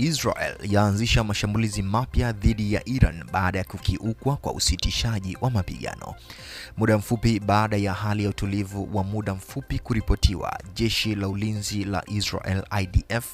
Israel yaanzisha mashambulizi mapya dhidi ya Iran baada ya kukiukwa kwa usitishaji wa mapigano. Muda mfupi baada ya hali ya utulivu wa muda mfupi kuripotiwa, jeshi la ulinzi la Israel IDF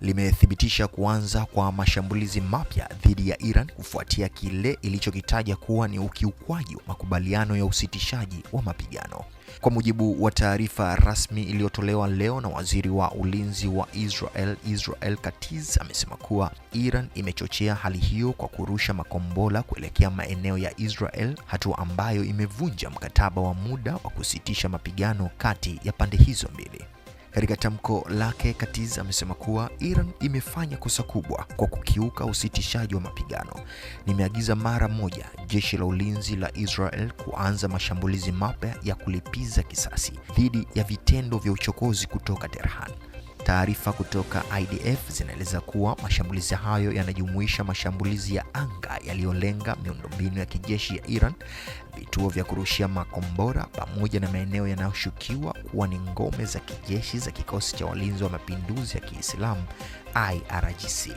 limethibitisha kuanza kwa mashambulizi mapya dhidi ya Iran kufuatia kile ilichokitaja kuwa ni ukiukwaji wa makubaliano ya usitishaji wa mapigano. Kwa mujibu wa taarifa rasmi iliyotolewa leo na waziri wa ulinzi wa Israel Israel Katz amesema amesema kuwa Iran imechochea hali hiyo kwa kurusha makombola kuelekea maeneo ya Israel, hatua ambayo imevunja mkataba wa muda wa kusitisha mapigano kati ya pande hizo mbili. Katika tamko lake, Katiz amesema kuwa Iran imefanya kosa kubwa kwa kukiuka usitishaji wa mapigano. Nimeagiza mara moja jeshi la ulinzi la Israel kuanza mashambulizi mapya ya kulipiza kisasi dhidi ya vitendo vya uchokozi kutoka Tehran. Taarifa kutoka IDF zinaeleza kuwa mashambulizi hayo yanajumuisha mashambulizi ya anga yaliyolenga miundombinu ya kijeshi ya Iran, vituo vya kurushia makombora pamoja na maeneo yanayoshukiwa kuwa ni ngome za kijeshi za Kikosi cha Walinzi wa Mapinduzi ya Kiislamu IRGC.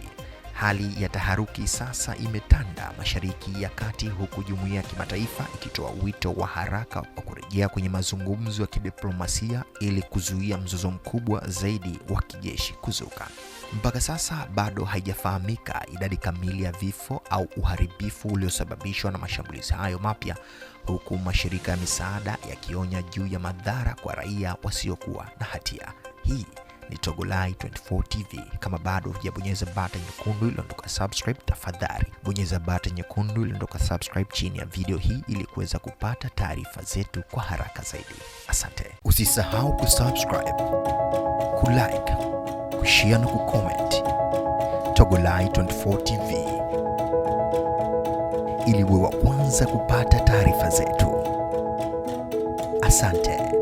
Hali ya taharuki sasa imetanda Mashariki ya Kati, huku jumuiya ya kimataifa ikitoa wito wa haraka wa kurejea kwenye mazungumzo ya kidiplomasia ili kuzuia mzozo mkubwa zaidi wa kijeshi kuzuka. Mpaka sasa bado haijafahamika idadi kamili ya vifo au uharibifu uliosababishwa na mashambulizi hayo mapya, huku mashirika ya misaada yakionya juu ya madhara kwa raia wasiokuwa na hatia. Hii ni Togolai 24 TV. Kama bado hujabonyeza bata nyekundu iliondoka subscribe, tafadhali bonyeza bata nyekundu iliondoka subscribe chini ya video hii ili kuweza kupata taarifa zetu kwa haraka zaidi. Asante, usisahau kusubscribe, kulike, kushare na kucomment Togolai 24 TV ili uwe wa kwanza kupata taarifa zetu. Asante.